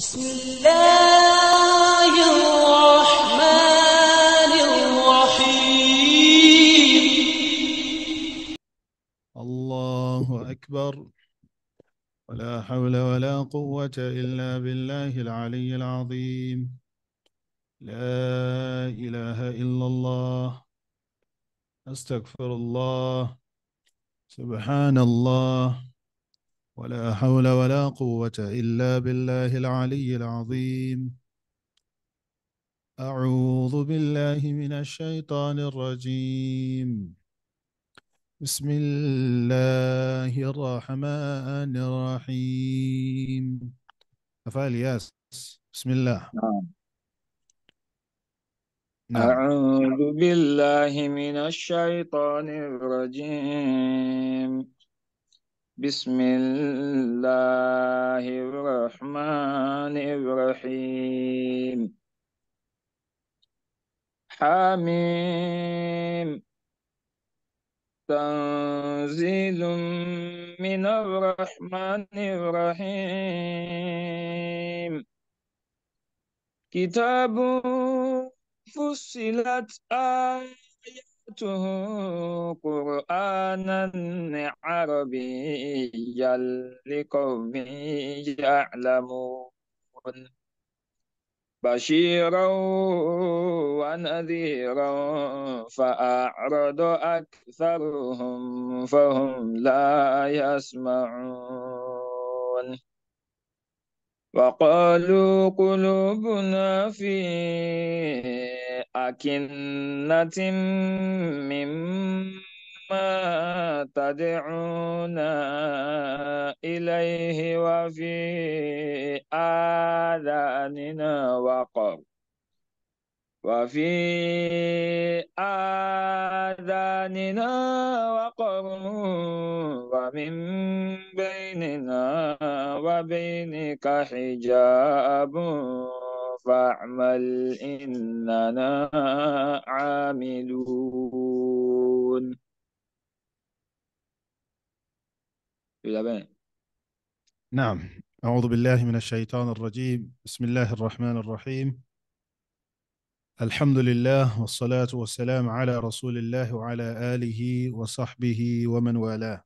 بسم الله الرحمن الرحيم الله أكبر ولا حول ولا قوة إلا بالله العلي العظيم لا إله إلا الله أستغفر الله سبحان الله ولا حول ولا قوة إلا بالله العلي العظيم أعوذ بالله من الشيطان الرجيم بسم الله الرحمن الرحيم أفعل ياس بسم الله نعم. نعم. أعوذ بالله من الشيطان الرجيم بسم الله الرحمن الرحيم حميم تنزيل من الرحمن الرحيم كتاب فصلت آيات قرأته قرآنا عربيا لقوم يعلمون بشيرا ونذيرا فأعرض أكثرهم فهم لا يسمعون وقالوا قلوبنا في أكنة مما تدعونا إليه وفي آذاننا وقر وفي آذاننا وقر ومن بيننا وبينك حجاب فاعمل إننا عاملون نعم أعوذ بالله من الشيطان الرجيم بسم الله الرحمن الرحيم الحمد لله والصلاة والسلام على رسول الله وعلى آله وصحبه ومن والاه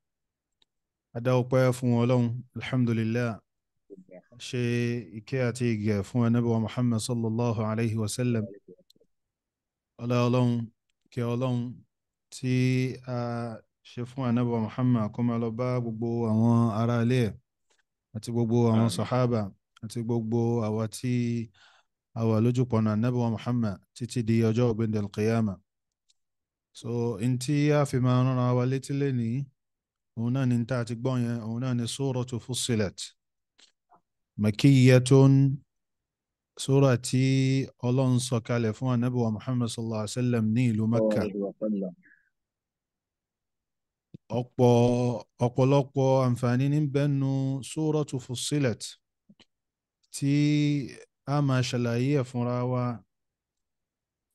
أدعو بافو ولون الحمد لله ṣe ìkẹ́ àti ìgẹ̀ fún anábíwa Muhammad sallallahu alaihi wasallam ọlá ọlọ́run kí ọlọ́run tí a ṣe fún anábíwa Muhammad kó máa lọ bá gbogbo àwọn ará ilé ẹ̀ àti gbogbo àwọn sàhábà àti gbogbo àwa tí a wà lójúpọ̀nà anábíwa Muhammad títí di ọjọ́ ọ̀gbìndẹ̀l qiyama so in tí a fi máa rán wa létí lé ní òun náà ni ta ti gbọ́ yẹn òun náà ni suratu Fussilat مكية سورة أولون سكالفون نبوة محمد صلى الله عليه وسلم نيل مكة أقوى أقوى أقوى أنفانين بأنه سورة فصلت تي أما شلاية فراوة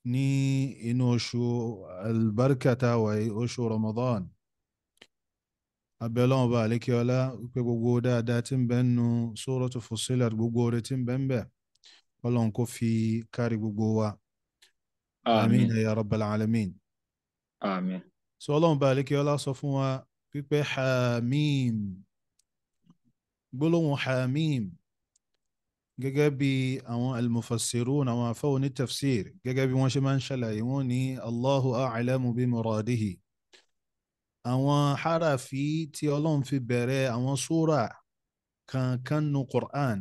ني إنوشو البركة وإنوشو رمضان abẹ́ ọlọ́run bá àlékè ọlá wípé gbogbo dáadáa tí ń bẹ nínú Suratu Fussilat gbogbo oore tí ń bẹ ń bẹ ọlọ́run kò fi kárí gbogbo wa àmín ya rabbal alamin. àmín. sọ ọlọ́run bá àlékè ọlá sọ fún wa wípé hamim gbólóhùn hamim gẹ́gẹ́ bí àwọn al-mufassirun àwọn afọ́ onítafsir gẹ́gẹ́ bí wọ́n ṣe máa ń ṣàlàyé wọn ní Allahu a'lamu bi muradihi àwọn harafi tí ọlọ́run fi bẹ̀rẹ̀ àwọn súra kankan nu Qur'an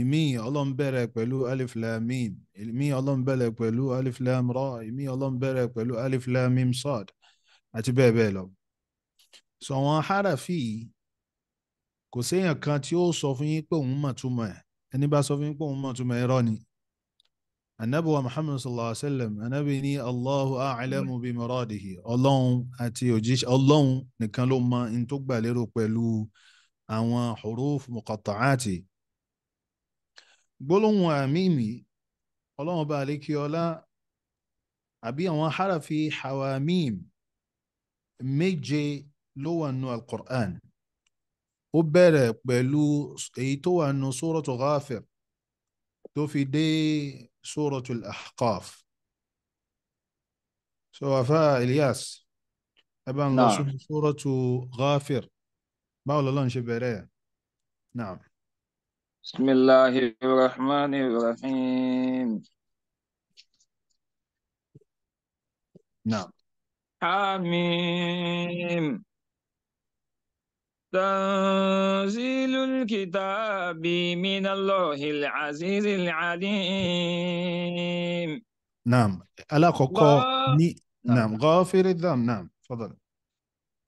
ìmí ọlọ́run bẹ̀rẹ̀ pẹ̀lú alif lam mim ìmí ọlọ́run bẹ̀rẹ̀ pẹ̀lú alif lam ra ìmí ọlọ́run bẹ̀rẹ̀ pẹ̀lú alif lam mim sad àti bẹ́ẹ̀ bẹ́ẹ̀ lọ. sọ àwọn harafi kò séèyàn kan tí ó sọ fún yín pé òun mọ̀ ẹ̀ ẹni bá sọ fún yín pé òun mọ̀ ẹ̀ irọ́ ni anabuwa muhammad sallallahu alaihi wa sallam anabi ni allahu a'lamu bi muradihi ọlọ́run àti òjíṣẹ́ ọlọ́run nìkan ló mọ in tó gbà lérò pẹ̀lú àwọn huruf muqatta'ati gbólóhùn àmìmì ọlọ́run bá àlékí ọlá àbí àwọn harafi hawamim méje ló wà nù alqur'an ó bẹ̀rẹ̀ pẹ̀lú èyí tó wà nù suratu ghafir توفي دي سورة الأحقاف سو إلياس أبان نعم. سورة غافر ما ولا لون شبيرية نعم بسم الله الرحمن الرحيم نعم حميم تنزيل الكتاب من الله العزيز العليم نعم ألا كوكو ني نعم. نعم غافر الذنب نعم تفضل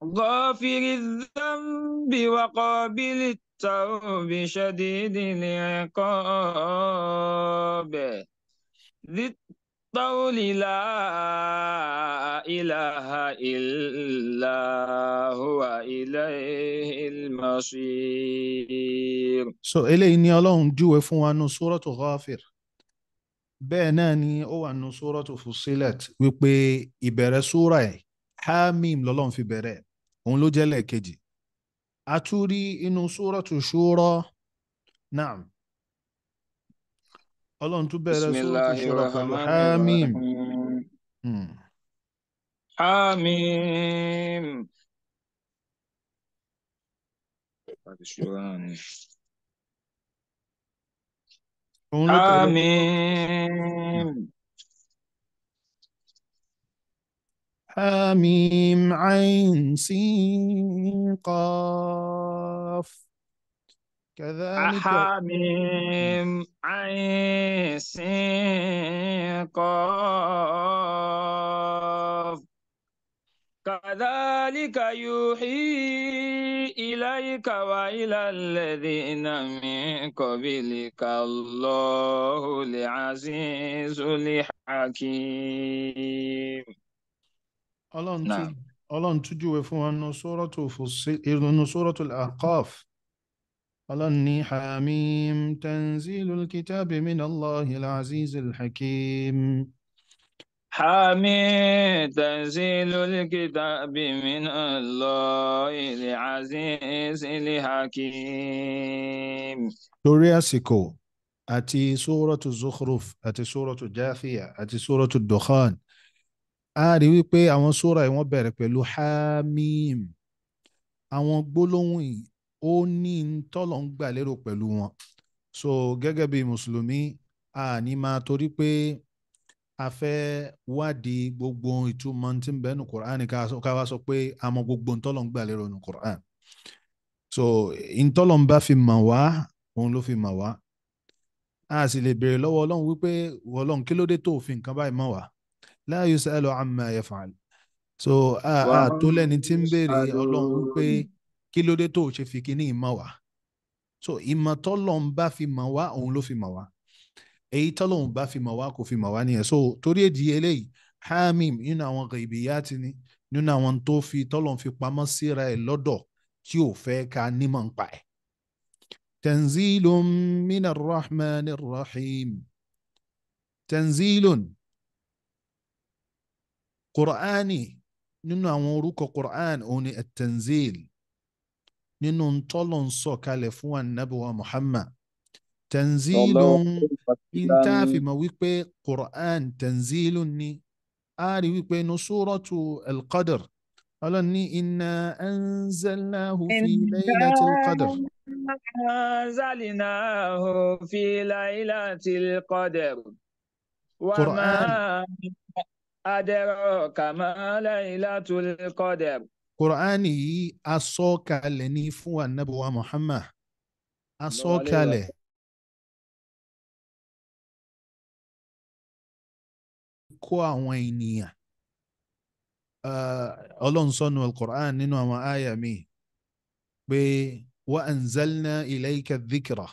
غافر الذنب وقابل التوب شديد العقاب ذي القول لا إله إلا هو إليه المصير so eléyìí ni ọlọ́run júwe fún wa nínú Suratu Ghafir bẹ́ẹ̀ náà ni ó wà nínú Suratu Fussilat wípé ìbẹ̀rẹ̀ súra ẹ̀ Hamim lọ́lọ́run fi bẹ̀rẹ̀ òun ló jẹ́ lẹ́ẹ̀kejì a tún rí inú Suratu Shura náà. الله انتو بسم الله الرحمن الرحيم حميم حميم هذا حميم حميم عين سين قاف كذلك حميم عين سين كذلك يوحي إليك وإلى الذين من قبلك الله العزيز الحكيم ọlọ́run tún júwe fún wa nínú sórọ́tò Ahqaf ألني حاميم تنزيل الكتاب من الله العزيز الحكيم حاميم تنزيل الكتاب من الله العزيز الحكيم سورة سيكو أتي سورة الزخرف أتي سورة الجافية أتي سورة الدخان أري ويبي أمو سورة يمو بيرك بلو حاميم أمو بلوين ó ní tọ́lọ̀ ń gbà lérò pẹ̀lú wọn so gẹ́gẹ́ bí mùsùlùmí a ní máa torí pé a fẹ́ wádìí gbogbo ìtumọ̀ tí ń bẹ nù Qur'an ká wá sọ pé a mọ gbogbo ntọ́lọ̀ ń gbà lérò nù Qur'an so ntọ́lọ̀ ń bá fi mọ̀ wá òun ló fi mọ̀ wá a sì lè béèrè lọ́wọ́ ọlọ́run wípé ọlọ́run kí ló dé tó fi nǹkan báyìí mọ̀ wá la yusalu amma yaf'al so a tó lẹ́ni tí ń béèrè ọlọ́run wípé kí ló dé tó o ṣe fi kíní ìmọ̀ wá so ìmọ̀ tọ́lọ́n bá fi mọ̀ wá òun ló fi mọ̀ wá èyí tọ́lọ́n bá fi mọ̀ wá kò fi mọ̀ wá nìyẹn so torí èdè eléyìí hamim nínú àwọn ghaibiyati ni nínú àwọn tó fi tọ́lọ́n fi pamọ́ síra ẹ̀ lọ́dọ̀ tí ò fẹ́ ká nímọ̀ ń pa ẹ̀. tanzilun minar rahmanir rahim tanzilun qur'ani nínú àwọn orúkọ qur'an òun ni tanzil nínú ntolon sọ kalẹ̀ fún ànábìwá Muhammad tanzilun ma wípé Qur'an tanzilun ni a rí wípé inú suratu al-Qadr ọlọ́run ní inna anzalnahu fi laylatil qadr. anzalnahu fi laylatil qadr. Qur'an. وما أدراك ما ليلة القدر Kùránì yìí asọ́kalẹ̀ ní fún ànábì wa Muhammad asọ́kalẹ̀. kó àwọn ènìyàn ah, ọlọ́run sọ́nu al-Qur'an nínú àwọn àyà mi pé wa anzalna ilayka dhikra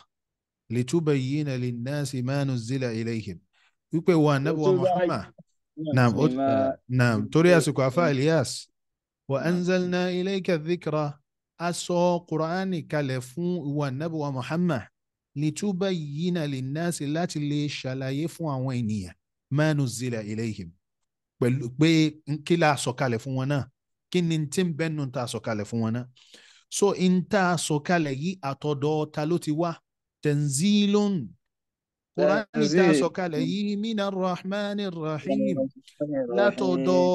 litubayyina linnasi ma nuzzila ilayhim wípé wa ànábì wa Muhammad naam torí àsìkò afá Ilyas wa anzalna ilayka dhikra a sọ qur'ani kalẹ̀ fún ìwà nabuwa muhammad litubayyina linnasi láti lè ṣàlàyé fún àwọn ènìyàn ma nuzzila ilayhim pẹ̀lú pé kí la sọ̀kalẹ̀ fún wọn náà kí ni tí ń bẹ́nu ta sọ̀kalẹ̀ fún wọn náà so n ta sọ̀kalẹ̀ yìí àtọ̀dọ̀ ta ló ti wá tanzilun kùránì tá a sọ̀kalẹ̀ yìí mina rahman rahim látọ̀dọ̀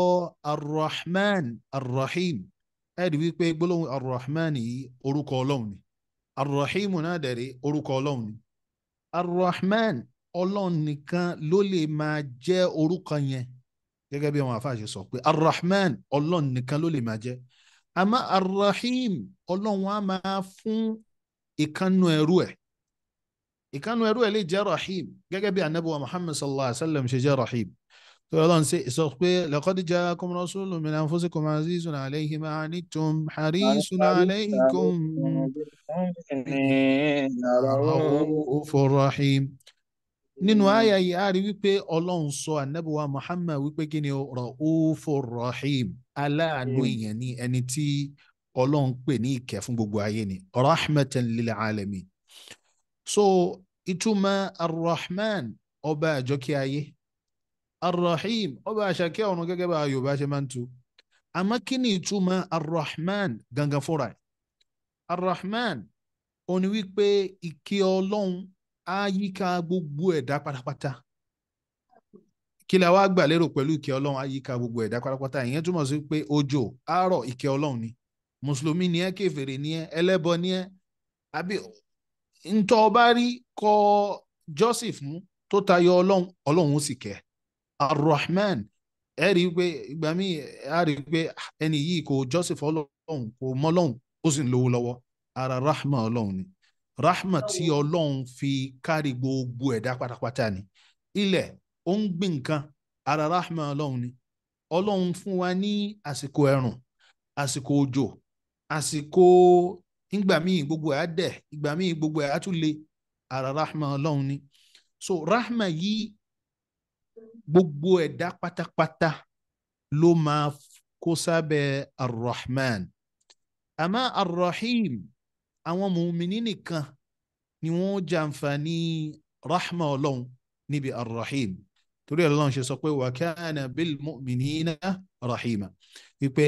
arrahman arrahim ẹ̀ẹ́dì wípé gbólóhùn arrahman yìí orúkọ ọlọ́run ni arrahim náà dẹ̀rẹ̀ orúkọ ọlọ́run ni arrahman ọlọ́run nìkan ló lè máa jẹ́ orúkọ yẹn gẹ́gẹ́ bí àwọn àfáà sọ pé arrahman ọlọ́run nìkan ló lè máa jẹ́ àmọ́ arrahim ọlọ́run máa fún ìkànnù ẹrú ẹ̀ ìkànnù ẹrú ẹ lè jẹ́ rahim gẹ́gẹ́ bí anabi wa muhammad sallallahu alayhi wa sallam ṣe jẹ́ rahim tó yọ lọ́n sọ pé laqad ja'akum rasulun min anfusikum azizun alayhi ma anittum harisun alaykum ra'ufur rahim nínú àyà yìí a rí wípé ọlọ́run sọ anabi wa muhammad wípé kí ni ra'ufur rahim aláàánú èèyàn ní ẹni tí ọlọ́run pè ní ìkẹ́ fún gbogbo ayé ni rahmatan lil alamin so ìtumọ̀ arrahman ọba àjọkẹ́ ayé arrahim ọba àṣàkẹ́ ọ̀run gẹ́gẹ́ bá yorùbá ṣe máa ń tu àmọ́ kí ni ìtumọ̀ arrahman gangan fúnra ẹ̀ arrahman ó ní wípé ìkẹ́ ọlọ́run á yíká gbogbo ẹ̀dá pátápátá kí la wá gbà lérò pẹ̀lú ìkẹ́ ọlọ́run á yíká gbogbo ẹ̀dá pátápátá ìyẹn túmọ̀ sí pé òjò àárọ̀ ìkẹ́ ọlọ́run ni mùsùlùmí ni ẹ́ kèfèrí ni ẹ́ ẹlẹ́bọ ni ẹ́ àbí ntọ́ ọba rí kọ joseph mú tó tayọ ọlọ́run ọlọ́run ó sì kẹ́ arrahman ẹ rí i pé ìgbà míì a rí i pé ah, ẹni yìí kò joseph ọlọ́run kò mọ ọlọ́run ó sì ń lówó lọ́wọ́ ara rahma ọlọ́run ni rahma tí ọlọ́run fi kárí gbogbo ẹ̀dá pátápátá ni ilẹ̀ ó ń gbìn nǹkan ara rahma ọlọ́run ni ọlọ́run fún wa ní àsìkò ẹ̀rùn àsìkò òjò àsìkò nígbà míì gbogbo ẹ̀ á dẹ̀ ìgbà míì gbogbo ẹ̀ á tún le ara rahma ọlọ́run ni so rahma yìí gbogbo ẹ̀dá pátápátá ló máa kó sábẹ́ arrahman àmọ́ arrahim àwọn mùmíní nìkan ni wọ́n jàǹfààní rahma ọlọ́run níbi arrahim torí ọlọ́run ṣe sọ pé wa kana bil mu'minina rahima wípé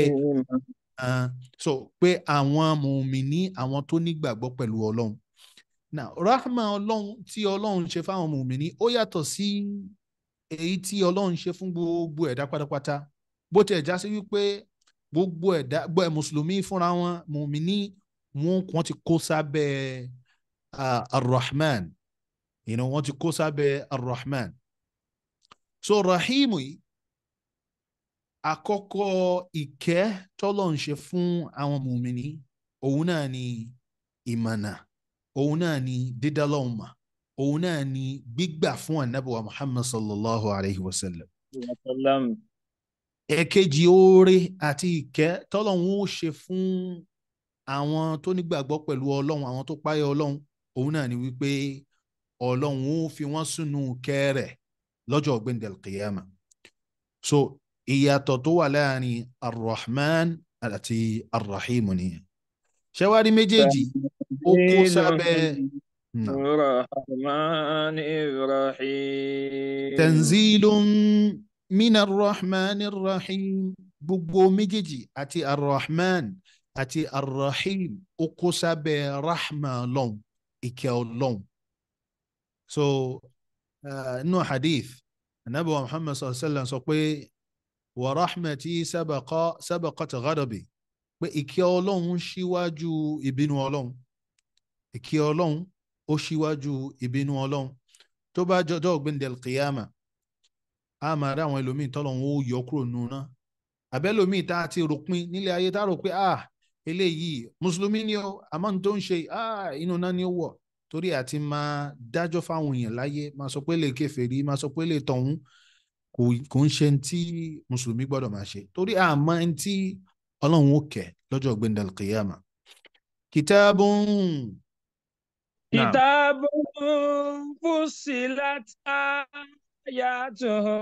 Ah, so pé àwọn mùmíní àwọn tó nígbàgbọ́ pẹ̀lú ọlọ́run now rahma ọlọ́run tí ọlọ́run ṣe fáwọn mùmíní ó yàtọ̀ sí èyí tí ọlọ́run ṣe fún gbogbo ẹ̀dá pátápátá bó tiẹ̀ já sí wípé gbogbo ẹ̀dá gbọ́ ẹ̀ mùsùlùmí fúnra wọn mùmíní wọn kò ti kó sábẹ́ arrahman you know, wọ́n ti kó sábẹ́ arrahman so rahimu yìí àkọ́kọ́ ìkẹ́ tọ́lọ̀ ń ṣe fún àwọn mùmìnì òun náà ni ìmọ̀nà òun náà ni dídálọ́ọ̀mà òun náà ni gbígbà fún ànábìwá Muhammad sallallahu alayhi wa sallam. ẹ̀kejì oore àti ìkẹ́ tọ́lọ́hún ó ṣe fún àwọn tó nígbàgbọ́ pẹ̀lú ọlọ́run àwọn tó páyà ọlọ́run òun náà ni wípé ọlọ́run ó fi wọ́n sínú kẹ́rẹ̀ lọ́jọ́ ọ̀gbìn del qiyama. so ìyàtọ̀ tó wà láàrin arrahman àti arrahim ni ṣẹwárí méjèèjì ó kó sábẹ́ rahman rahim tanzilun min arrahman rahim gbogbo méjèèjì àti arrahman àti arrahim ó kó sábẹ́ rahma lọ́hùn ìkẹ́ ọlọ́hùn so inú hadith anabi wa muhammad sallallahu alaihi wa sallam sọ pé warahmati sabaqa sabaqat ghadabi pé ìkẹ́ ọlọ́run ṣíwájú ìbínú ọlọ́run ìkẹ́ ọlọ́run ó ṣíwájú ìbínú ọlọ́run tó bá jọjọ́ ọ̀gbìndẹ̀ kìyàmà a máa rí àwọn ẹlòmíì tọ́lọ́run ó yọ kúrò nùnà àbẹ́lòmíì tá a ti ròpin nílé ayé tá a rò pé ah eléyìí mùsùlùmí ni ó àmọ́ ní tó ń ṣe ah inú náà ni ó wọ̀ torí àti máa dájọ́ fáwọn èèyàn láyé máa sọ pé lè kèfèrí máa sọ pé lè tọ̀hún kò kò ń ṣe tí mùsùlùmí gbọ́dọ̀ máa ṣe torí àmọ́ ẹni tí ọlọ́run ó kẹ́ lọ́jọ́ ọ̀gbẹ́ni alqiyama kìtàbùn. kìtàbùn fusilat ayatuhu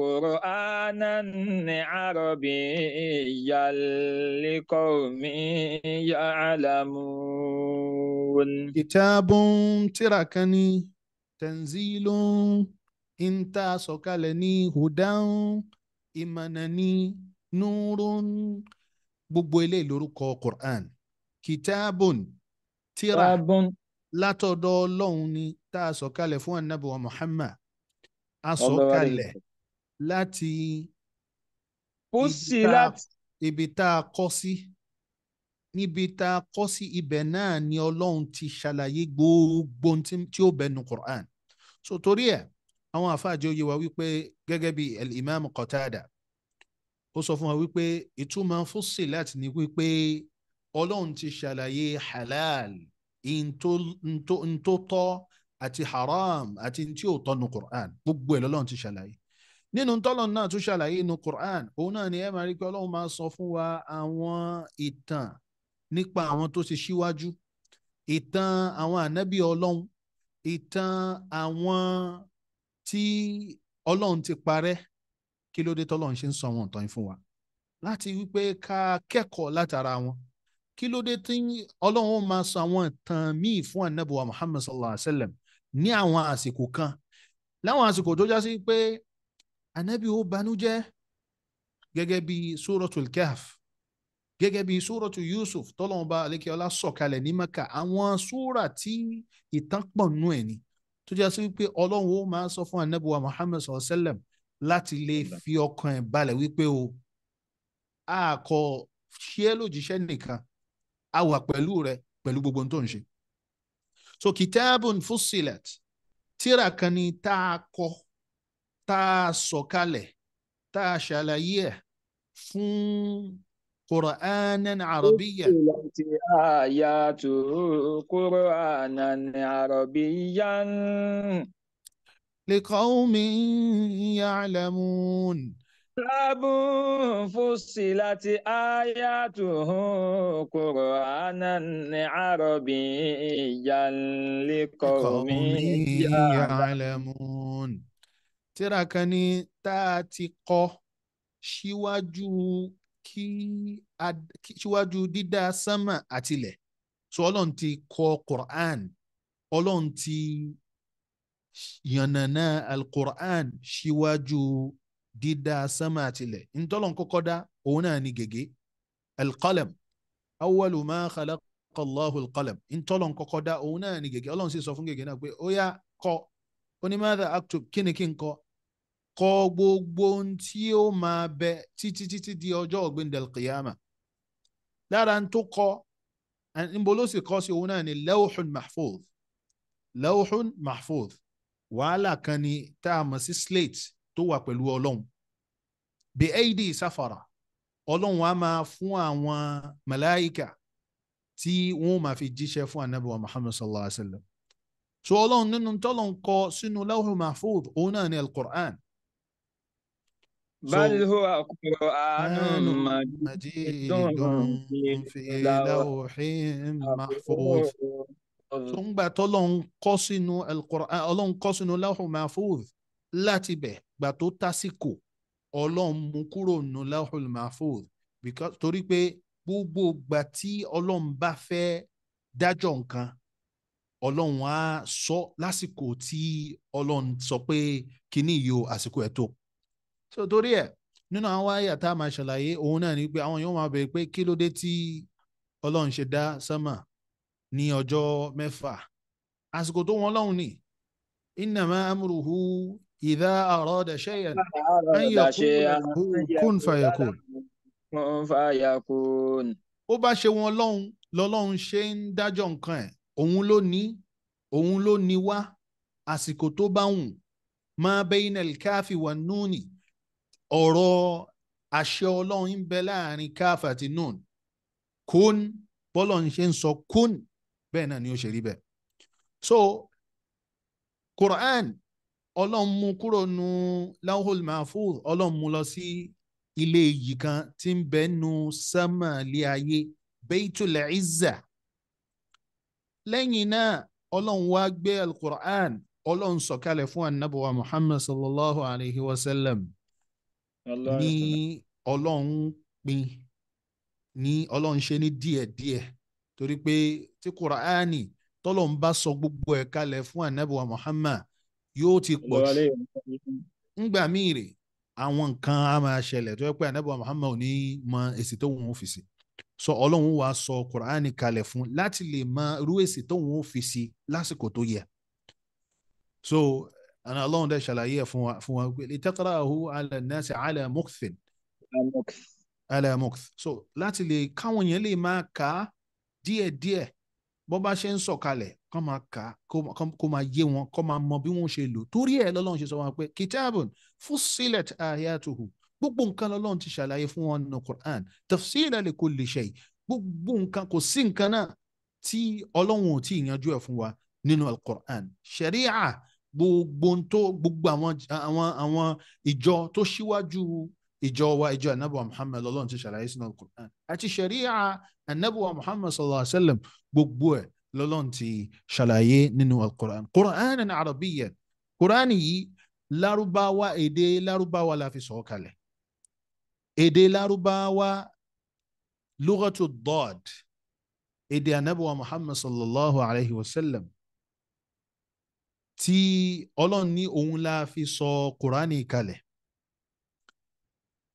qur'anan arabiyyan liqawmin ya'lamun. kìtàbùn tírà kan ní tanzilun ń tá a sọ̀kalẹ̀ ní hudan ìmọ̀nà ní nurun gbogbo eléyìí lórúkọ Qur'an kitabun tírà látọ̀dọ̀ ọlọ́run ni tá a sọ̀kalẹ̀ fún ànábì Muhammad a sọ̀kalẹ̀ láti ibi tá a kọ́ sí níbi tá a kọ́ sí ibẹ̀ náà ni ọlọ́run ti ṣàlàyé gbogbo tí ó bẹnu Qur'an so torí ẹ̀ àwọn àfáàjẹ́ òye wa wípé gẹ́gẹ́ bí al-imam Qatada ó sọ fún wa wípé ìtumọ̀ Fussilat ni wípé ọlọ́run ti ṣàlàyé halal ntó tọ́ àti haram àti tí ò tọ́ nu Qur'an gbogbo ẹ̀ lọ́lọ́run ti ṣàlàyé nínú tọ́lọ̀ náà tún ṣàlàyé nu Qur'an òun náà ni ẹ máa rí pé ọlọ́run máa sọ fún wa àwọn ìtàn nípa àwọn tó ti ṣíwájú ìtàn àwọn ànábì ọlọ́run ìtàn àwọn tí ọlọ́run ti parẹ́ kí ló dé tọ́lọ́run ṣe ń sọ àwọn ìtàn yìí fún wa láti wípé ká kẹ́kọ̀ọ́ látara wọn kí ló dé tí ọlọ́run máa sọ àwọn ìtàn míì fún anábùwà muhammad sallallahu alayhi wa sallam ní àwọn àsìkò kan láwọn àsìkò tó já sí pé anábì ó banújẹ́ gẹ́gẹ́ bí suratul kahf gẹ́gẹ́ bí súrọ̀tù yusuf tọ́lọ́mọba alekeola sọ̀kalẹ̀ ní maka àwọn súrà tí ìtàn pọ̀ nù ẹ̀ ni tó jásí wípé ọlọ́run ó máa sọ fún anábùwà Muhammad sallallahu alaihi wasallam láti lè fi ọkàn ẹ̀ balẹ̀ wípé o a kò ṣe é lójíṣẹ́ nìkan a wà pẹ̀lú rẹ pẹ̀lú gbogbo ohun tó ń ṣe. so kitabun fusilat tíra kan ni tá a kọ tá a sọ̀kalẹ̀ tá a ṣàlàyé ẹ̀ fún قرانا عربيا آياته قرانا عربيا لقوم يعلمون كتاب فصلت آياته قرآنا عربيا لقوم يعلمون ترى كان تاتي kí síwájú dídá sánmà àtilẹ̀ so ọlọ́run ti kọ Qur'an ọlọ́run ti yànnànà al-Qur'an síwájú dídá sánmà àtilẹ̀ ntọ́lọ́n kọ́kọ́ dá òun náà ni gègé al-qalam awwalu ma khalaqa Allahu al-qalam ntọ́lọ́n kọ́kọ́ dá òun náà ni gègé ọlọ́run sì sọ fún gègé náà pé ó yá kọ onímọ̀ àdá aktub kí kí n kọ kọ gbogbo ohun tí ó máa bẹ títí títí di ọjọ́ ọ̀gbìndẹ̀l kìyàmà lára tó kọ níbo ló sì kọ sí òun náà ni lawhun mahfuz lawhun mahfuz wàhálà kan ni tá a mọ̀ sí slate tó wà pẹ̀lú ọlọ́run bi aidi safara ọlọ́run wa máa fún àwọn màláìkà tí wọ́n máa fi jíṣẹ́ fún anabi wa muhammad sallallahu alaihi wa sallam so ọlọ́run nínú tọ́lọ̀ ń kọ sínú lawhun mahfuz òun náà ni al بل هو قرآن مجيد في لوح محفوظ túngbà tọ́lọ́hún kọ́ sínú alukur'an ọlọ́hún kọ́ sínú láhùn mahfuz láti bẹ̀ gbà tó tásìkò ọlọ́hún mú kúrò nù láhùn mahfuz torí pé gbogbo gbà tí ọlọ́hún bá fẹ́ dájọ́ nǹkan ọlọ́hún á sọ lásìkò tí ọlọ́hún sọ pé kíní yìí o àsìkò ẹ̀ tó so torí ẹ̀ nínú àwọn àyà tá a máa ṣàlàyé òun náà ni pé àwọn yóò máa bèèrè pé kí ló dé tí ọlọ́run ṣe dá sánmà ní ọjọ́ mẹ́fà àsìkò tó wọn lọ́hùn ni innama amruhu idha arada shay'an an yaqula kun fayakun. ó bá ṣe wọn lọ́hùn lọ́lọ́run ṣe ń dájọ́ nǹkan ẹ̀ òun ló ní òun ló ní wá àsìkò tó bá wùn ma bainal kafi wan nuni ọ̀rọ̀ àṣẹ ọlọ́run ń bẹ láàrin káf àti nun kún bọ́lọ̀ ń ṣe ń sọ kún bẹ́ẹ̀ náà ni ó ṣe rí bẹ́ẹ̀. so quran ọlọ́run mú kúrò nu lawhul mahfuz ọlọ́run mú lọ sí ilé yìí kan tí ń bẹ nu sámàlì ayé beitul izza lẹ́yìn náà ọlọ́run wá gbé al ọlọ́run sọ̀kalẹ̀ fún anabuwa muhammad sallallahu alayhi wa sallam ní ọlọ́run pín ní ọlọ́run ṣe ní díẹ̀díẹ̀ torí pé tí kùránì tọ́lọ̀ ń bá sọ gbogbo ẹ̀ kalẹ̀ fún ànábìwá Muhammad yóò ti pọ̀ jù ńgbà míì rè àwọn nǹkan á máa ṣẹlẹ̀ tó yẹ pé ànábìwá Muhammad ò ní mọ èsì tó wọ́n fi sí sọ ọlọ́run wàá sọ kùránì kalẹ̀ fún láti lè mọ irú èsì tó wọ́n fi sí lásìkò tó yẹ so àná ọlọ́run dẹ̀ ṣàlàyé ẹ̀ fún wa fún wa pé litaqra'ahu 'ala an-nasi 'ala mukthin. ala mukth so láti lè káwọn yẹn lè máa kà á díẹ̀díẹ̀ bó bá ṣe ń sọ̀kalẹ̀ kó máa kà á kó máa yé wọn kó máa mọ bí wọ́n ṣe lò torí ẹ̀ lọ́lọ́run ṣe sọ wọn pé kitabun fussilat ayatuhu gbogbo nǹkan lọ́lọ́run ti ṣàlàyé fún wọn nínú Qur'an tafsila li kulli shay gbogbo nǹkan kò sí nǹkan náà tí ọlọ́run ò tí ì yanjú ẹ̀ fún wa nínú al-Qur'an sharia gbogbo tó gbogbo àwọn àwọn àwọn ìjọ tó ṣíwájú ìjọ wa ìjọ anabuwa muhammed lọ́lọ́run ti ṣàlàyé sínú alukur'an àti sharia anabuwa muhammed sallallahu alayhi wa sallam gbogbo ẹ̀ lọ́lọ́run ti ṣàlàyé nínú alukur'an kur'an ní arabiya kur'an yìí lárúbáwá èdè lárúbáwá la fi sọ̀ kalẹ̀ èdè lárúbáwá lugatu dọ́d èdè anabuwa muhammed sallallahu alayhi wa sallam tí ọlọ́run ní òun la fi sọ kùránì kalẹ̀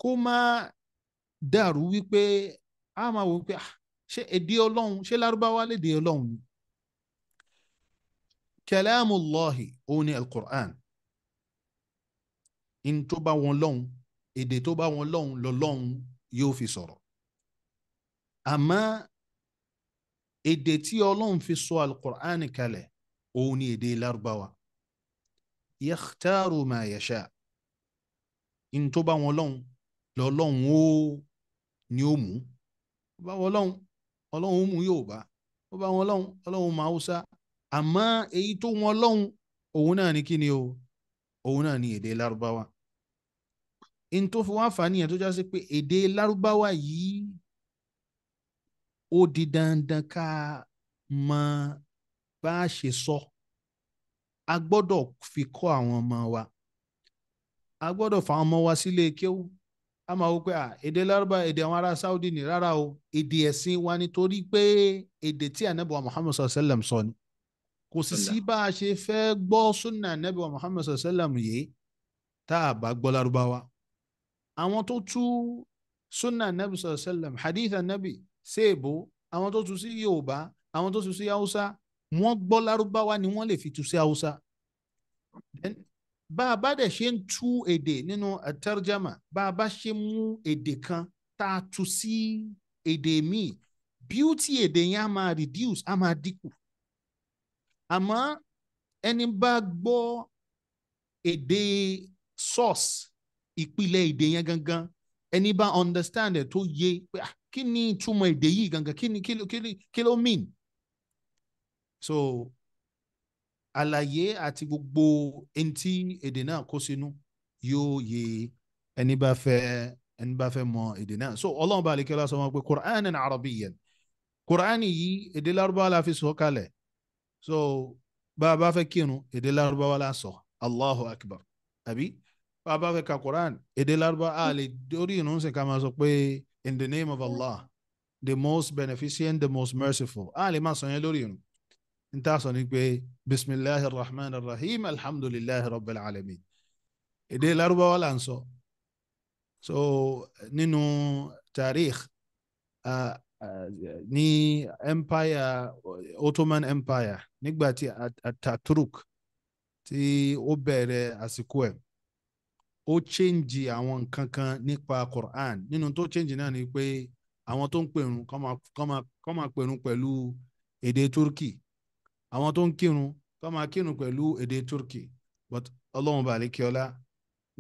kó má dàrú wípé a máa wò wípé ah, ṣé èdè ọlọ́run ṣé lárúbáwá lédè ọlọ́run ni kalamullahi òun ni alqur'an in tó bá wọn lọ́hùn èdè tó bá wọn lọ́hùn lọ́lọ́hùn yóò fi sọ̀rọ̀ àmọ́ èdè tí ọlọ́run fi sọ alqur'an kalẹ̀ òun ni èdè lárúbáwá yakhtaru ma yasha in tó bá wọn lọ́hùn lọ́lọ́hùn ó ni ó mú ó bá wọn lọ́hùn ọlọ́hùn ó mú Yorùbá ó bá wọn lọ́hùn ọlọ́hùn máa Hausa àmọ́ èyí tó wọn lọ́hùn òun náà ni kí ni o òun náà ni èdè lárúbáwá in tó fi wá nìyẹn tó já sí pé èdè lárúbáwá yìí ó di dandan ká mọ bá a ṣe sọ. So a gbọ́dọ̀ fi kọ́ àwọn ọmọ wa a gbọ́dọ̀ fa àwọn ọmọ wa sílé kéwú a máa wò pé èdè lárúbá èdè àwọn ará Saudi ni rárá o èdè ẹ̀sìn wa nítorí pé èdè tí ànábì wa Muhammad sallam sọ ni kò sì sí bá a ṣe fẹ́ gbọ́ súnà ànábì wa Muhammad sallam yìí tá a bá gbọ́ wa. àwọn tó tú súnà ànábì sallam hadith ànábì séèbó àwọn tó tú sí Yorùbá àwọn tó tú sí Haúsá wọ́n gbọ́ lárúbáwá ni wọ́n lè fi tu sí haúsá bá a bá dẹ̀ ṣe ń tú èdè nínú àtẹ́rẹ́jàmà bá a bá ṣe mú èdè kan tá a tu sí èdè míì bíútì èdè yẹn á máa reduce á máa dínkù àmọ́ ẹni bá gbọ́ èdè source ìpìlẹ̀ èdè yẹn gangan ẹni bá understand ẹ̀ tó yé pé ah, kí ni ìtumọ̀ èdè yìí gangan kí ni kí ló mean so àlàyé àti gbogbo ẹni tí èdè náà kó sínú yóò yé ẹni bá fẹ́ ẹni bá fẹ́ mọ èdè náà so ọlọ́run bá àlekẹ́lá sọ wọn pé Qur'anan Arabiyyan Qur'an yìí èdè lárúbáwá la fi sọ kalẹ̀ so bá a bá fẹ́ kírun èdè lárúbáwá la sọ Allahu Akbar àbí bá a bá fẹ́ ka Qur'an èdè lárúbáwá a lè dórí ìrún sí ká máa sọ pé in the name of Allah the most beneficent the most merciful a lè máa sọ yẹn lórí ìrún n ta sọ ni pé bisimilahi rahman rahim alhamdulilahi rabbil alamin èdè Lárúbáwá là ń sọ so nínú tarikh ní empire Ottoman empire nígbà tí Ataturk tí ó bẹ̀rẹ̀ àsìkò ẹ̀ ó chẹ́ǹjì àwọn nǹkan kan nípa Quran nínú tó chẹ́ǹjì náà ni pé àwọn tó ń pèrún kọ́ máa pèrún pẹ̀lú èdè Turkey àwọn tó ń kírun kọ́ máa kírun pẹ̀lú èdè turkey but ọlọ́run bàlẹ́kíọ́lá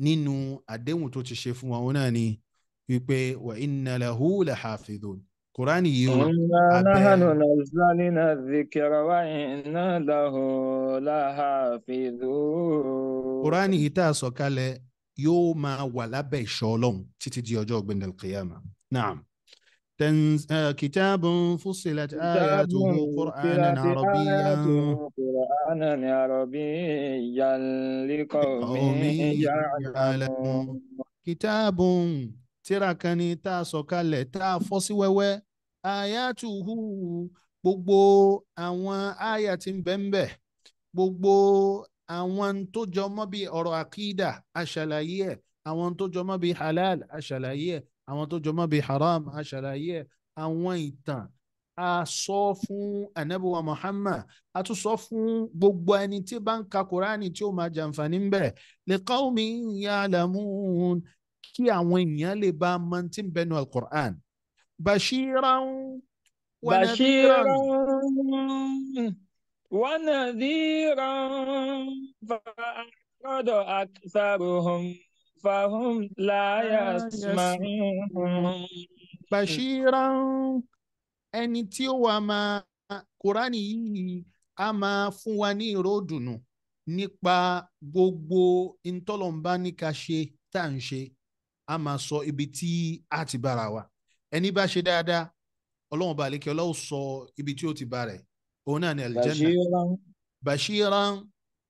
nínú àdéhùn tó ti ṣe fún wọn náà ni wípé wà inna lahu lahafidhun kùránì yìí ó abẹ́ kùránì yìí tá a sọ kalẹ̀ yóò máa wà lábẹ́ ìṣọ́ ọlọ́run títí di ọjọ́ ọgbẹ́ndẹ̀lkìyàmà naam. تنز... آه كتاب فصلت آياته قرآنا عربيا قرآنا عربيا لقوم يعلمون كتاب tírakani tá a sọ̀kalẹ̀ tá a fọ́ sí wẹ́wẹ́ ayatuhu gbogbo àwọn àyà tí ń bẹ́ńbẹ́ gbogbo àwọn tó jọ mọ́ ọ̀rọ̀ àkídà aṣàlàyé ẹ̀ àwọn tó jọ mọ́ halal aṣàlàyé ẹ̀ àwọn tó jọmọ́ bíi haram aṣàlàyé àwọn ìtàn a sọ fún anabiwa muhammad a tún sọ fún gbogbo ẹni tí bá ń ka kuraani tí ó máa jàǹfààní ń bẹ li qaumin ya'lamun kí àwọn èèyàn lè bá a mọ tí bẹnu alukur'an bashiran wa nadhiran wa nadhiran fa a'rada فهم لا يسمعون بشيرا ẹni tí ó wà máa kúránì yìí a máa fún wa ní ìró ìdùnnú nípa gbogbo ntọ́lọ́mbá ní ká ṣe tá à ń ṣe a máa sọ ibi tí a ti bára wa ẹni bá ṣe dáadáa ọlọ́run bá lékè ọlọ́run sọ ibi tí ó ti bá rẹ̀ òun náà ní àlìjẹ́nà bàṣírán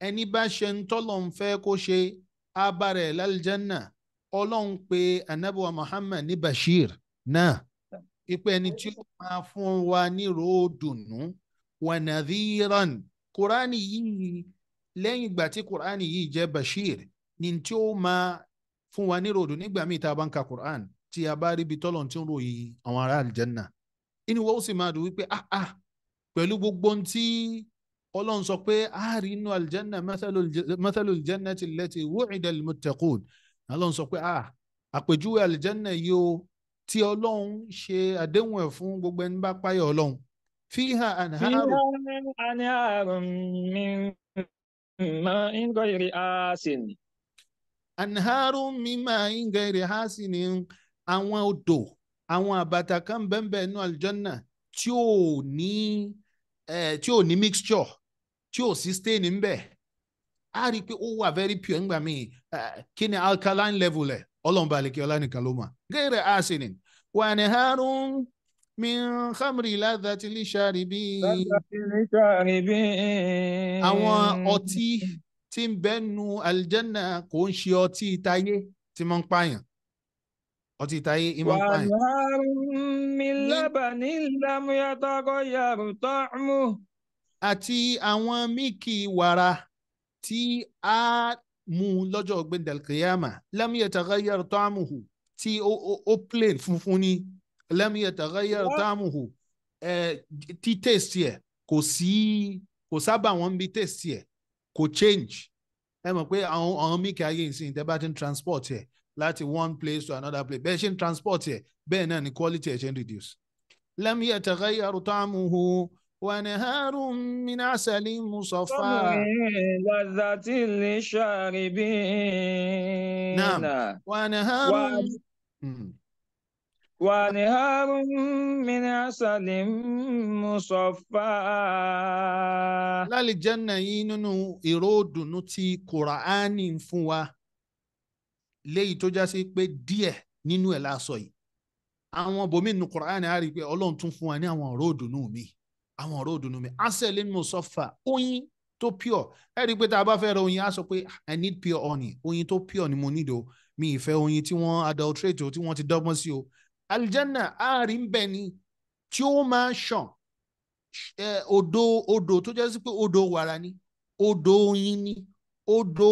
ẹni bá ṣe ntọ́lọ́mfẹ́ kó ṣe abarẹ̀ láljanna ọlọ́run pé anabiwa muhammad ní bashir náà ipe ẹni tí ó máa fún wa ní ròódùnú wa nadhiran kúránì yìí lẹ́yìn ìgbà tí kúránì yìí jẹ́ bashir ni tí ó máa fún wa ní ròódùnú nígbà míì tá a bá ń ka kúránì tí a bá rí ibi tọ́lọ̀ tí ń ròyìn àwọn ará àlìjẹ́nà inú wa ó sì máa dùn wípé ah ah pẹ̀lú gbogbo ohun tí ọlọ́run sọ pé àárín inú aljanna mathalu aljannati allati wu'ida almuttaqun ọlọ́run sọ pé ah, àpèjúwe aljanna yìí o tí ọlọ́run ṣe àdéhùn ẹ̀ fún gbogbo ẹni bá páyọ̀ ọlọ́run fiha anharu. fiha anharu min ma'in ghayri asin. anharu min ma'in ghayri asin ni àwọn odò àwọn àbàtà kan bẹ́ẹ̀ bẹ́ẹ̀ nínú aljanna tí ò ní eh, tí ò ní mixture tí ò sí stain ńbẹ̀ a rí i pé ó wà very pure ńgbà míì kí ni alkaline level ẹ̀ ọlọ́run bá lèkè ọlá nìkan ló mọ̀ gẹ́rẹ́ arsenic wà ní harun min khamri ladhati li sharibin. ladhati li sharibin. àwọn ọtí tí ń bẹ́nu aljanna kò ń ṣe ọtí táyé tí wọ́n ń pààyàn ọtí táyé imam fine. min labanin lam yataghayyar ta'mu. àti àwọn míkì wàrà tí a mú lọ́jọ́ gbẹ̀ndàl kìyàmà lam yataghayyar ta'muhu tí ó plain funfun ni lam yataghayyar ta'muhu tí taste yẹ kò sí kò sábà wọn bí taste yẹ kò change ẹ mọ̀ pé àwọn míkì ayé ìsìn tẹ́ bá ti ń transport yẹ láti one place to another place bẹ́ẹ̀ ṣe ń transport ẹ̀ bẹ́ẹ̀ náà ni quality ẹ̀ ṣe ń reduce. lam yataghayyaru ta'muhu wa naharun min asalin musaffa. tọ́mùrin lazatin lisharibin. náà wa naharun. ونهار من عسل مصفى. lálẹ́ jẹ́ nàyí nínú ìró òdùnnú tí kùràánì ń fún wa léyìí tó já sí pé díẹ̀ nínú ẹ̀ lásọ yìí àwọn bòmí nu Qur'an á rí i pé ọlọ́run tún fún wa ní àwọn ọ̀rọ̀ òdùnnú mi àwọn ọ̀rọ̀ òdùnnú mi asẹ́ lẹ́nu mo oyin tó pure ẹ rí i pé tá a bá fẹ́ ra oyin á sọ pé ah, I need pure honey oyin tó pure ni mo need o mi ìfẹ́ oyin tí wọ́n adulterate o tí wọ́n ti dọ́gbọ́n sí o aljanna á rí ń bẹ ni tí ó máa ṣàn odò odò tó jẹ́ pé odò wàrà ni odò oyin ni odò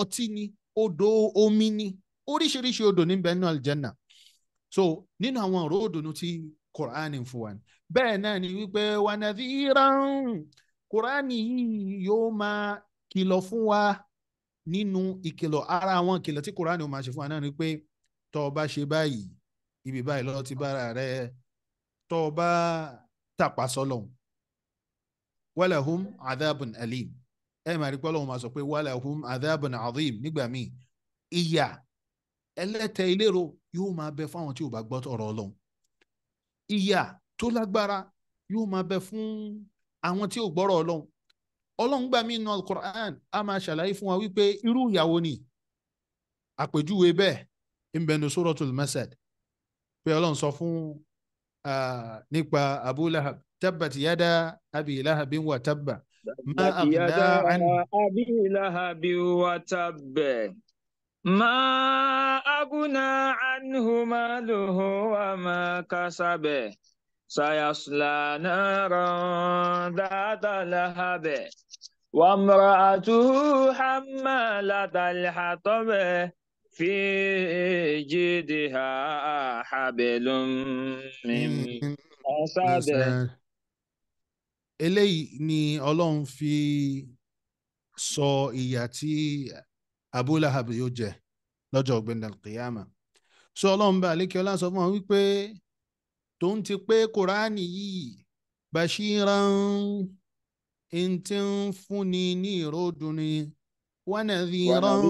ọtí ni odò omi ni oríṣiríṣi odò níbẹ̀ nínú aljanna so nínú àwọn ọ̀rọ̀ òdòdó tí Qur'an ń fún wa bẹ́ẹ̀ náà ni wípé wa nadhiran Qur'an yìí yóò máa kìlọ̀ fún wa nínú ìkìlọ̀ ara àwọn ìkìlọ̀ tí Qur'an yóò máa ṣe fún wa náà ni pé tọ́ ọ bá ṣe báyìí ibi báyìí lọ́ọ́ ti bára rẹ tọ́ ọ bá tàpá sọ́lọ̀ walahum adhabun alim ẹ máa rí pé ọlọ́run máa sọ pé wàhálà ọ̀hún adhabun azim nígbà míì ìyà ẹlẹ́tẹ̀ ìlérò yóò máa bẹ fáwọn tí ò bá gbọ́ ọ̀rọ̀ ọlọ́run ìyà tó lágbára yóò máa bẹ fún àwọn tí ò gbọ́rọ̀ ọlọ́run ọlọ́run gbà mí nínú alukur'an a máa ṣàlàyé fún wa wípé irú ìyàwó ni àpèjúwe bẹ́ẹ̀ ìbẹ̀nu suratul masad pé ما أغنى عن أبي لهب وتب ما أغنى عنه ماله وما كسب سيصلى نارا ذات لهب وامرأته حمالة الحطب في جيدها حبل من أسد eléyìí ni ọlọ́run fi sọ ìyà tí Abu Lahab yóò jẹ lọ́jọ́ ọ̀gbẹ́ni alqiyama so ọlọ́run bá alékeọlá sọ fún wọn wípé tó ń ti pé kuraani yìí bashiran ń ti ń fúnni ní ìròdùn ni wa nadhiran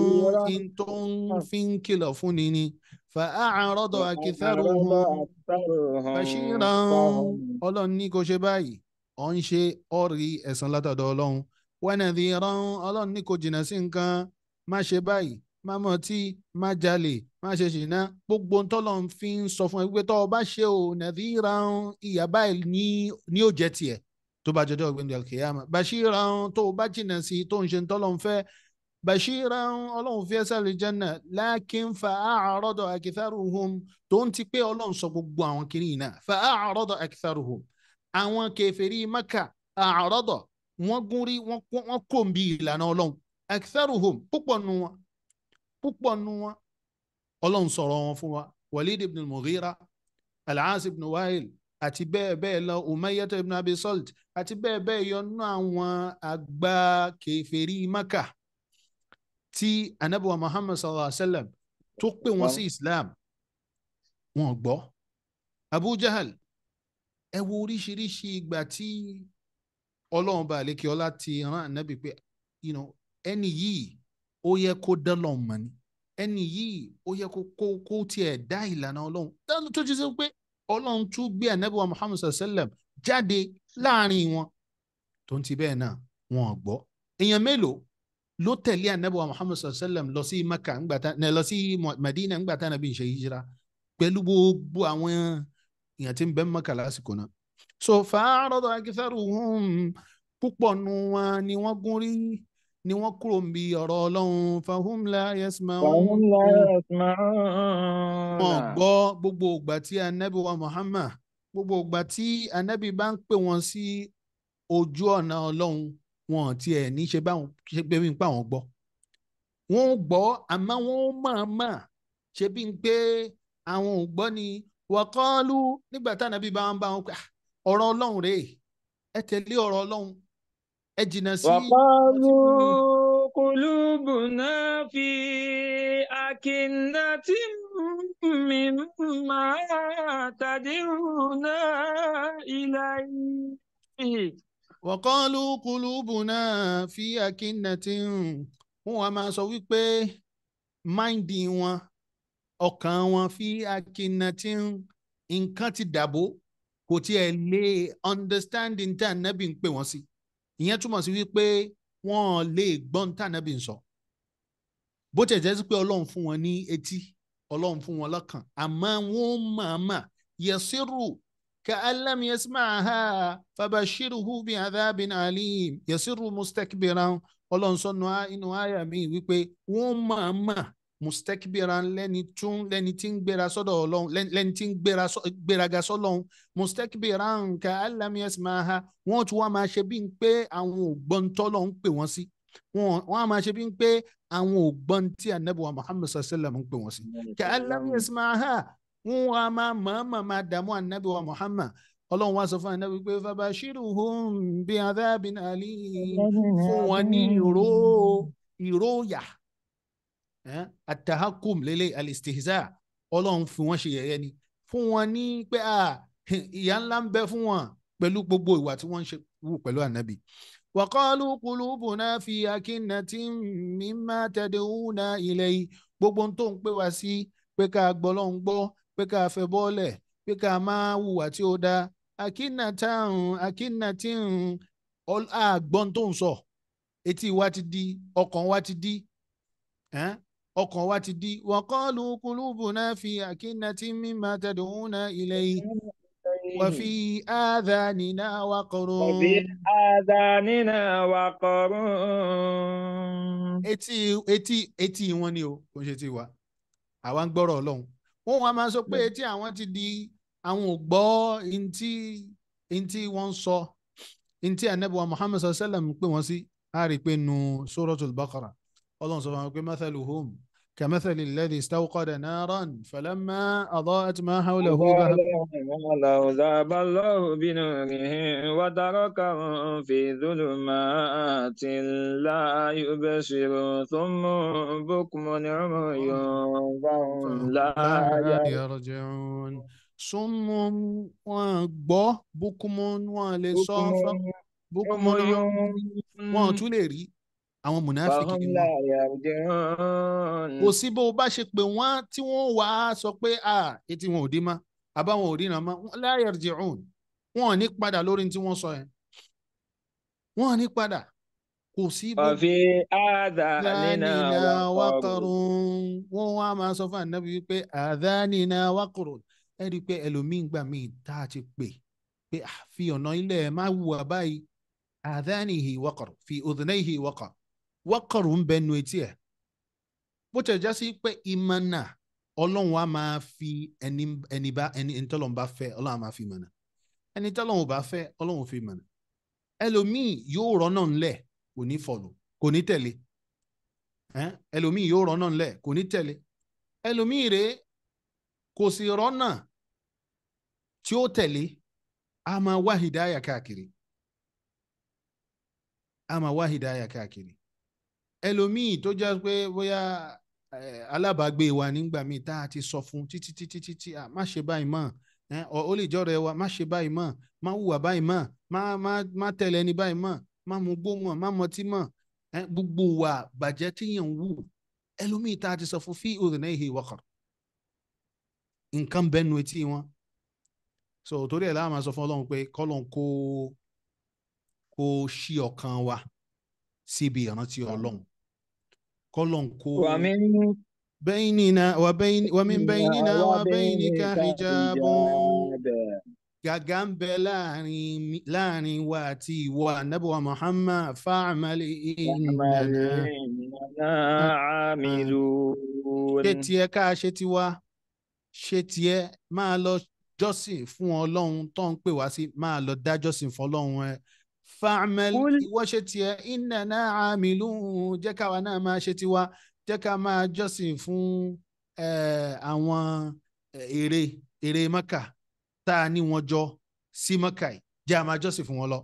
in tó ń fi ń kìlọ̀ fúnni ni fa a'rada aktharuhum bashiran ọlọ́run ní kò ṣe báyìí ọ̀ ń ṣe ọ̀rí ẹ̀san látọ̀dọ̀ ọlọ́run wẹ́nẹ̀dì rán ọlọ́run ní kò jìnnà sí nǹkan má ṣe báyìí má mọ̀ tí má jalè má ṣe ṣìnà gbogbo ń tọ́lọ̀ ń fi ń sọ fún ẹ wípé tọ́ ọ bá ṣe ò nẹ̀dì rán ìyá báyìí ní ò tiẹ̀ tó bá jọjọ́ ọ̀gbìn alkiyama bashiran tó bá jìnnà sí tó ń ṣe ń tọ́lọ́ ń fẹ́ bashiran ọlọ́run fi ẹsẹ̀ lè jẹ́nà lákìn fa àárọ̀dọ̀ akitharuhum tó ń ti pé ọlọ́run sọ gbogbo àwọn kiri yìí náà fa àárọ̀dọ̀ akitharuhum àwọn kèfèrí maka àrọ́dọ̀ wọ́n gúnrí wọ́n kò ń bí ìlànà ọlọ́run aktharuhum púpọ̀ nu wọn púpọ̀ nu wọn ọlọ́run sọ̀rọ̀ wọn fún wa walid ibn mughira al-aas ibn wa'il àti bẹ́ẹ̀ bẹ́ẹ̀ lọ umayyata ibn abi salt àti bẹ́ẹ̀ bẹ́ẹ̀ yọnú àwọn àgbà kèfèrí maka tí anabiwa muhammad sallallahu alaihi wa sallam tó pè wọ́n sí islam wọn gbọ́ abu jahal ẹ wo oríṣiríṣi ìgbà tí ọlọ́run bá àlékè ọlá ti rán ànábì pé ẹni yìí ó yẹ kó dán lọ́n mọ̀ ni ẹni yìí ó yẹ kó tiẹ̀ dá ìlànà ọlọ́run tó ti sọ pé ọlọ́run tún gbé ànábì wa muhammad sallam jáde láàrin wọn tó ń ti bẹ́ẹ̀ náà wọn ò gbọ́ èèyàn mélòó ló tẹ̀lé ànábì wa muhammad sallam lọ sí maka lọ sí madina ńgbà tá ànábì ń jira yíjira pẹ̀lú gbogbo àwọn ìyẹn ti ń bẹ́ mọ́kà lásìkò náà so fàárọ̀dọ̀ akífẹ́rùhùn púpọ̀ nu wọn ni wọ́n gún rí ni wọ́n kúrò ń bi ọ̀rọ̀ ọlọ́run fahum la yasma'un. fahum gbọ́ gbogbo ìgbà tí anabi wa muhammad gbogbo ìgbà tí anabi bá ń pè wọn sí ojú ọ̀nà ọlọ́run wọn tiẹ̀ ní ṣe báwọn ṣe pé wípé àwọn gbọ́. wọ́n gbọ́ àmọ́ wọ́n máa máa ṣe bí ń pé àwọn ò gbọ́ ni wàkọ́ọ́lù nígbà táwọn àbí bá ń bá wọn pé ah, ọ̀rọ̀ ọlọ́run rèé ẹ tẹ̀lé ọ̀rọ̀ ọlọ́run ẹ jìnnà sí. wàkọ́ọ́lù kulubuna fi akindati mimma tad'una ilayhi. wàkọ́ọ́lù kulubuna fi akindati wọn a máa sọ wípé máìndì wọn ọkàn wọn fi akínàtì nǹkan ti dàbò kò tiẹ̀ lè understanding tí ànábì ń pè wọ́n sí ìyẹn túmọ̀ sí wípé wọ́n lè gbọ́n tí ànábì ń sọ bó tẹ̀ jẹ́ sí pé ọlọ́run fún wọn ní etí ọlọ́run fún wọn lọ́kàn àmọ́ wọ́n màmá yẹ̀sírù ka alam yasmaha fabashiruhu bi adhabin alim yẹ̀sírù mustakbiran ọlọ́run sọnù inú àyà mi wípé wọ́n màmá mustekbiran lẹ́ni tún lẹ́ni tí ń gbéra sọ́dọ̀ ọlọ́run lẹ́ni tí ń gbéraga sọ́lọ́run mustekbiran ka alami yasmaha wọ́n tún wá máa ṣe bí ń pé àwọn ògbọ́n tọ́lọ́ ń pè wọ́n sí wọ́n á máa ṣe bí ń pé àwọn ògbọ́n tí anabiwa muhammad sallam ń pè wọ́n sí ka alami yasmaha wọ́n á máa mọ̀ọ́mọ̀ máa dààmú anabiwa muhammad ọlọ́run wá sọ fún ànábì pé fabashiruhum bi adhabin alim fún wọn ní ìró ìró yà atahakum lélẹ̀ alistihza ọlọ́run fi wọ́n ṣe yẹ̀yẹ́ ni fún wọn ní pé ìyà ńlá ń bẹ fún wọn pẹ̀lú gbogbo ìwà tí wọ́n ń ṣe wù pẹ̀lú ànábì. wàkọ́lù kulubuna fi akínàtì mímá tẹ̀dẹ̀húnà ilẹ̀ yìí gbogbo tó ń pè wá sí pé ká gbọ́ lọ́n gbọ́ pé ká fẹ́ bọ́ọ̀lẹ̀ pé ká máa hùwà tí ó dáa akínàtà akínàtì àgbọ̀n tó ń sọ etí wa ti di ọkàn wa ti di ọkàn wa ti di wàkọ́ọ̀lù kúlùbù náà fi àkínná tí mímá tẹ̀dùn náà ilẹ̀ yìí wàfi àdá nínà wà kọ̀rọ̀. wàfi àdá nínà wà kọ̀rọ̀. etí etí etí wọn ni o kò ṣe ti wà àwa ń gbọ́rọ̀ ọlọ́run wọn wá máa sọ pé hmm. etí àwọn ti di àwọn ò gbọ́ ntí ntí wọ́n ń sọ ntí anabiwa muhammed sallallahu alayhi wa sallam pé wọ́n sí a rí i pé nu suratul baqara. الله سبحانه fún wa كمثل الذي استوقد نارا فلما أضاءت ما حوله ذهب الله بنوره وتركهم في ظلمات لا يبشر ثم بكم عمي فهم لا يرجعون صم وأgbọ́ بكم wọn بكم wọn àwọn mùnáfíkì ni wọn kò sí bó bá ṣe pé wọn tí wọn wà á sọ pé à etí wọn ò dí ma àbáwọn ò ríran ma la yarji'un wọn ò ní padà lórí tí wọn sọ yẹn wọn ò ní padà kò sí bó. ọ̀fi àdá nínà wákàrún wọn wá máa sọ fún ànábi wípé àdá nínà wákàrún ẹ rí i pé ẹlòmíín gbà míì tá a ti pè pé àfi ọ̀nà ilẹ̀ máa wù wá báyìí àdá nìhì wákàrún fi òdìnnà ìhì wákàrún. wọ́kọ̀rù ń bẹnu etí ẹ̀ bó tẹ̀ já sí pé ìmọ̀ náà ọlọ́run á fi ẹni bá ẹni tọ́lọ́run bá fẹ́ ọlọ́run á máa fi mọ̀nà ẹni tọ́lọ́run bá fẹ́ ọlọ́run fi mọ̀nà ẹlòmíì yóò rọ́nà ńlẹ̀ kò ní fọ̀lù kò ní tẹ̀lé ẹlòmíì yóò rọ́nà ńlẹ̀ kò ní tẹ̀lé ẹlòmíì rèé kò sì rọ́nà tí ó a máa wá hìdáyà káàkiri a máa wá hìdáyà káàkiri ẹlòmíì tó jẹ́ pé bóyá alábàágbé wa nígbà míì tá a ti sọ fún títí títí títí à má ṣe báyìí mọ́ ó lè jọ̀rọ̀ ẹ wa má ṣe báyìí mọ́ má hùwà báyìí mọ́ má má má tẹ̀lé ẹni báyìí mọ́ má mú gbó mọ́ má mọtí mọ́ gbogbo wa bàjẹ́ tíyàn wù ẹlòmíì tá a ti sọ fún fí òrìnà ìhè wọkọ̀ nǹkan bẹ́ẹ̀ nu etí wọn so torí ẹ̀ láwọn máa sọ fún ọlọ́run pé kọ́lọ́n kó kó ṣí ọkàn wa síbi ìrántí ọlọ́run kọ́lọ́n kó. wà mí. bẹ́yìnìna wà bẹ́yìn wà mí bẹ́yìnìna wà bẹ́yìnìka hijabun. gàgà ń bẹ láàrin láàrin wa àti ìwọ ànábì wa Muhammad fa'amali innana. ṣé tiẹ̀ ká ṣe tiwa ṣé tiẹ̀ máa lọ jọ́sìn fún ọlọ́run tó ń pè wá sí máa lọ dá jọ́sìn fún ọlọ́run ẹ fa'amal ìwọ ṣe tiẹ̀ innana amilun jẹ́ káwa náà máa ṣe tiwa jẹ́ ká máa jọ́sìn fún àwọn ère ère maka tá a ní wọn jọ sí maka yìí jẹ́ a máa jọ́sìn fún wọn lọ.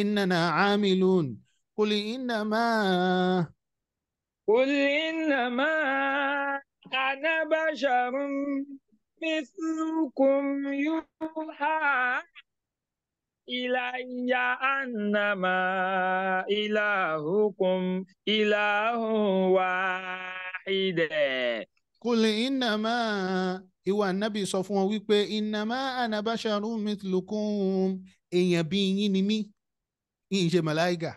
innana amilun kuli innama. kuli innama ana basharun mithlukum yuha ilayya annama ilahukum ilahun wahide. kul innama ìwà nábì sọ fún wọn wípé innama ana basharun mithlukum èèyàn bíi yín ni mí yín ṣe màláìgà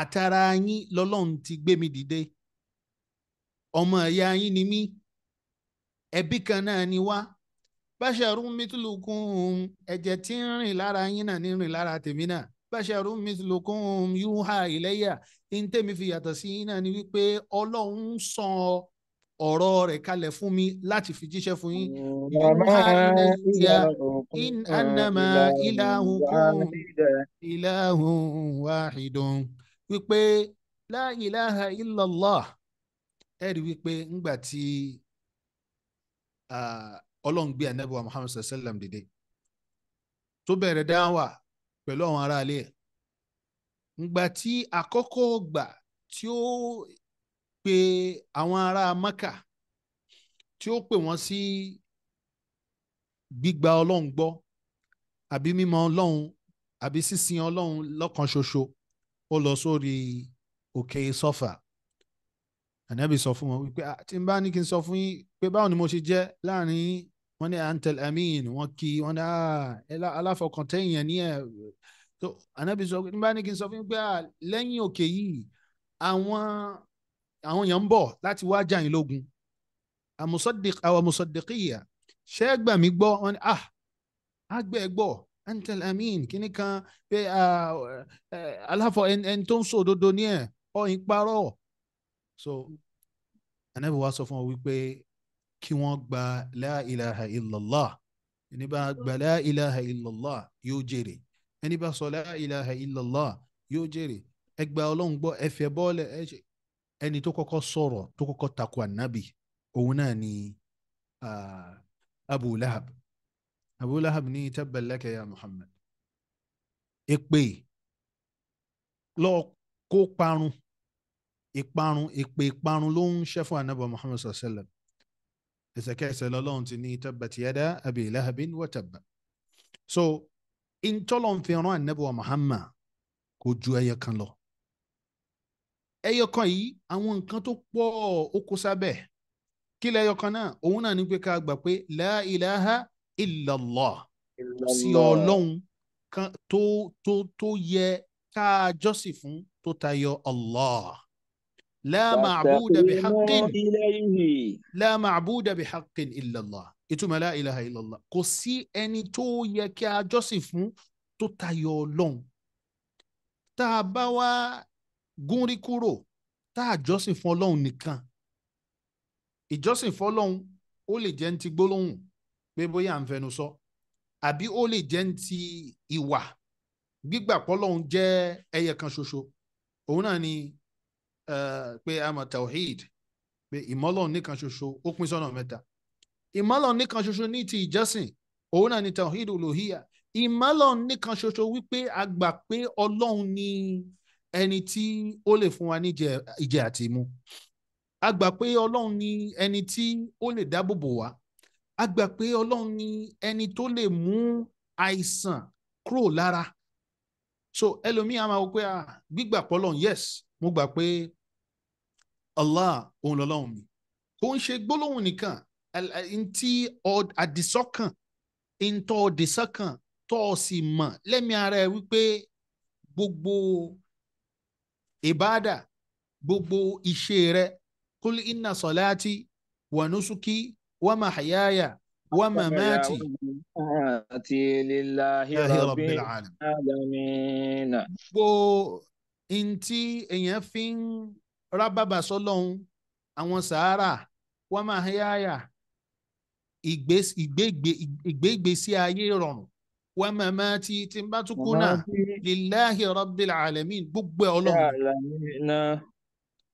àtàrà yín lọ́lọ́run ti gbé mi dìde ọmọ ìyá yín ni mí ẹbí kan náà ni wá basharun mithlukum ẹ̀jẹ̀ tí ń rìn lára yín náà ní rìn lára tèmi náà basharun mithlukum yuha ilayya ní tèmi fi yàtọ̀ sí yín náà ni wípé ọlọ́run ń sọ ọ̀rọ̀ rẹ̀ kalẹ̀ fún mi láti fi jíṣẹ́ fún yín. yuha ilayya in annama ilahukum ilahun wahidun wípé la ilaha illallah ẹ̀rí wípé ńgbà tí ọlọ́run gbé anabi wa muhammad sallam dìde tó bẹ̀rẹ̀ dáhùn pẹ̀lú àwọn aráalé ẹ̀ ngbà tí àkọ́kọ́ gbà tí ó pe àwọn ará maka tí ó pè wọ́n sí gbígba ọlọ́run gbọ́ àbí mímọ̀ ọlọ́run àbí sísìn ọlọ́run lọ́kan ṣoṣo ó lọ sórí òkè sọ́fà ànábì sọ fún wọn wípé tí n bá ní kí n sọ fún yín pé báwo ni mo ṣe jẹ́ láàrin yín wọ́n ní antel amin wọ́n kí wọ́n ní ah, aláfọkàntẹ́yìn ẹ̀ ní ẹ̀ tó anábì sọ nígbà ní kí n sọ fún pé ah, lẹ́yìn òkè yìí àwọn àwọn èèyàn ń bọ̀ láti wá jà yín lógun àwọn mùsọ̀dẹ̀kìyà ṣé ẹ gbà mí gbọ́ wọ́n ní ah àgbẹ̀ gbọ́ antel amin kíní kan pé ah, aláfọ ẹni tó ń sọ òdodo ní ẹ̀ ọ̀yìn parọ́ so anábì wa sọ fún ọ wípé kí wọ́n gba la ilaha illallah ẹni bá gba la ilaha illallah yóò jèrè ẹni bá sọ la ilaha illallah yóò jèrè ẹ gba ọlọ́run gbọ́ ẹ fẹ́ bọ́ọ̀lẹ̀ ẹ ṣe ẹni tó kọ́kọ́ sọ̀rọ̀ tó kọ́kọ́ takò ànábì òun náà ni Abu Lahab Abu Lahab ní tabban laka ya Muhammad èpè lọ kó parun ìparun èpè ìparun ló ń ṣẹ́ fún ànábì Muhammad sallallahu alaihi wasallam إذا lọ́lọ́run ti ní tabbat yada abi lahabin wa so ìtọ́lọ́n fi في أنو wa Muhammad kò ju ẹyẹ kan lọ ẹyẹ kan yìí àwọn nǹkan tó pọ̀ ó kó sábẹ́ kí lẹyọ kan náà òun náà ní pé ká gbà pé la ilaha sí ọlọ́run kan tó tó tó yẹ ká jọ́sìn fún tó tayọ Allah. لا معبود بحق إليه لا معبود بحق إلا الله ìtumọ̀ la ilaha illallah kò sí ẹni tó yẹ kí a jọ́sìn fún tó tayọ ọlọ́run tá a bá wá gúnrí kúrò tá a jọ́sìn fún ọlọ́run nìkan ìjọ́sìn fún ọlọ́run ó lè jẹ́ ti gbólóhùn pé bóyá à ń fẹnu sọ àbí ó lè jẹ́ ti ìwà gbígbà pọ́lọ́run jẹ́ ẹyẹ kan ṣoṣo òun náà ni pé a mọ̀ tawhid pé ìmọ́lọ̀ nìkan ṣoṣo ó pín sọ́nà mẹ́ta ìmọ́lọ̀ nìkan ṣoṣo ní ti ìjọsìn òun náà ni tawhid olóhìyà ìmọ́lọ̀ nìkan ṣoṣo wípé a gbà pé ọlọ́run ni ẹni tí ó lè fún wa ní ìjẹ àti mu a gbà pé ọlọ́run ni ẹni tí ó lè dáàbòbò wá a gbà pé ọlọ́run ni ẹni tó lè mú àìsàn kúrò lára so ẹlòmíì a máa wọ pé gbígbà pọ́lọ́run yes mo gbà pé Allah òun lọ́lọ́run mi kò ń ṣe gbólóhùn nìkan ntí àdìsọ́kàn ntọ́ àdìsọ́kàn tọ́ ọ sì mọ̀ lẹ́mìí ara ẹ wípé gbogbo ìbáàdà gbogbo ìṣe rẹ kul inna salati wa nusuki wa mahayaya wa mamati. àti lillahi rabbil alamin. gbogbo n tí èèyàn fi ń rábàbà sọ́lọ́hun àwọn sàárà wọ́n máa yáyà ìgbégbèsí ayé rọrùn wọ́n máa máa ti ti bá tún kú náà lillahi rabbil alamin gbogbo ọlọ́run.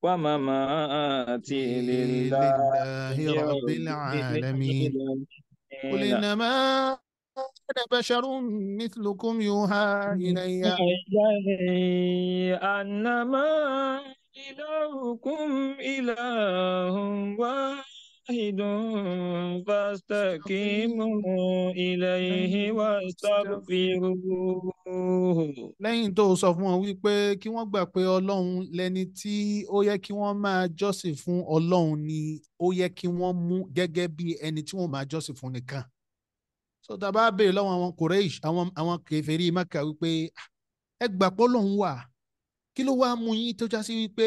wọ́n máa máa ti lillahi rabbil alamin. قل بشر مثلكم يوحى إلي أنما إلهكم إله واحد فاستقيموا إليه واستغفروه. lẹ́yìn tó sọ fún wọn wípé kí wọ́n gbà pé ọlọ́run lẹni tí ó yẹ kí wọ́n máa jọ́sìn fún ọlọ́run ni ó yẹ kí wọ́n mú gẹ́gẹ́ bí ẹni tí wọ́n máa jọ́sìn fún nìkan so tá a bá béèrè lọ́wọ́ àwọn Quraysh àwọn àwọn kèfèrí Mẹ́kà wípé ah, ẹ gbà pé Ọlọ́hun wà kí ló wá mú yín tó já sí wípé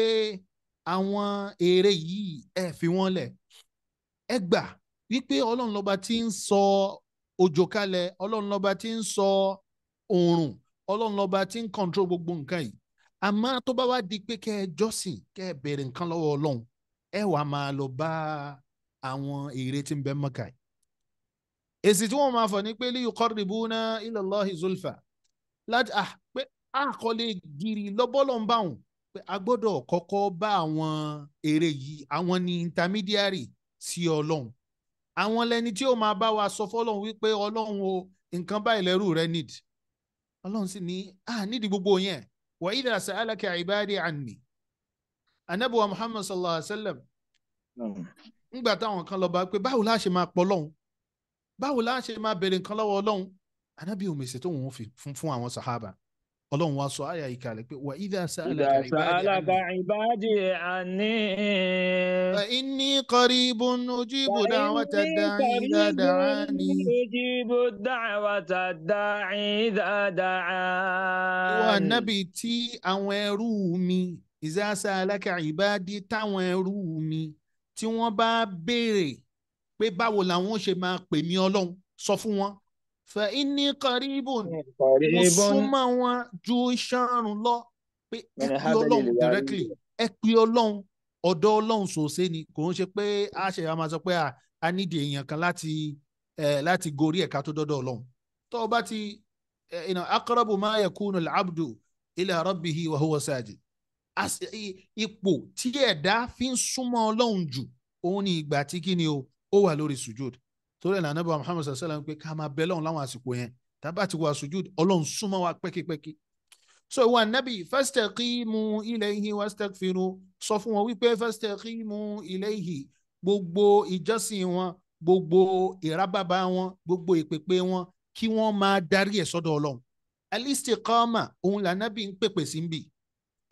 àwọn ère yìí ẹ fi wọ́n lẹ̀ ẹ gbà wípé Ọlọ́run lọ́ba tí ń sọ òjò kalẹ̀ Ọlọ́run lọ́ba tí ń sọ oòrùn Ọlọ́run lọ́ba tí ń control gbogbo nǹkan yìí àmọ́ tó bá wá di pé kẹ́ ẹ jọ́sìn kẹ́ ẹ béèrè nǹkan lọ́wọ́ Ọlọ́run ẹ wàá máa lọ bá àwọn ère tí ń bẹ Mẹ́kà èsì tí wọ́n máa fọ̀ ní pé li yuqarribuna ila Allahi zulfa láti à ah, pé àkọlé ah, gírí lọ́bọ́lọ́n bá wọn pé a gbọ́dọ̀ kọ́kọ́ bá àwọn èrè yìí àwọn ni intermediary sí ọlọ́run àwọn lẹni tí ó máa bá wa sọ fọlọ́run wípé ọlọ́run o nǹkan báyìí lẹ́rù rẹ need ọlọ́run sì ní à ah, nídìí gbogbo yẹn wa idha sa'alaka ibadi anni anabuwa Muhammad sallallahu alaihi wa sallam hmm. ngbà táwọn kan lọ bá pé báwo la máa pọ̀ lọ́hùn báwo la ṣe máa bèrè nǹkan lọ́wọ́ ọlọ́run anábì òmèsè tó wọ́n fi fún àwọn sàhábà ọlọ́run wa sọ àyà ìkàlẹ̀ pé wà ìdá sàálàkà ìbádì àní. inni qaribun ujibu da'wata da'i idha da'ani. ujibu da'wata da'i idha da'ani. ìwà nábì tí àwọn ẹrú mi ìdá sàálàkà ìbádì táwọn ẹrú mi tí wọ́n bá béèrè pé báwo làwọn ṣe máa pè ní ọlọ́run sọ fún wọn fa inni qaribun mo súnmọ́ wọn ju ìṣàrùn lọ pé ẹ pè ọlọ́run directly ẹ pè ọlọ́run ọ̀dọ̀ ọlọ́run sòsé ni kò ń ṣe pé a ṣe a máa sọ pé a nídìí èèyàn kan láti láti gorí ẹ̀ka tó dọ́dọ̀ ọlọ́run tó o bá ti aqrabu ma yakunu al-abdu ila rabbihi wa huwa sajid ipò tí ẹ̀dá fi ń súnmọ́ ọlọ́run jù òun ni ìgbà tí kí ni o ó wà lórí sujud torí ẹ̀ lànà bá Muhammad sallallahu alayhi wa sallam pé ká máa bẹ lọ́hùn láwọn àsìkò yẹn tábà ti wà sujud ọlọ́run súnmọ́ wa pẹ́kípẹ́kí. so ìwà nábì fastaqimu ilayhi wastaghfiru sọ fún wọn wípé fastaqimu ilayhi gbogbo ìjọsìn wọn gbogbo ìrábàbà wọn gbogbo ìpèpè wọn kí wọ́n máa darí ẹ̀ sọ́dọ̀ ọlọ́run alistiqama òun lànàbì ń pèpè sí ń bì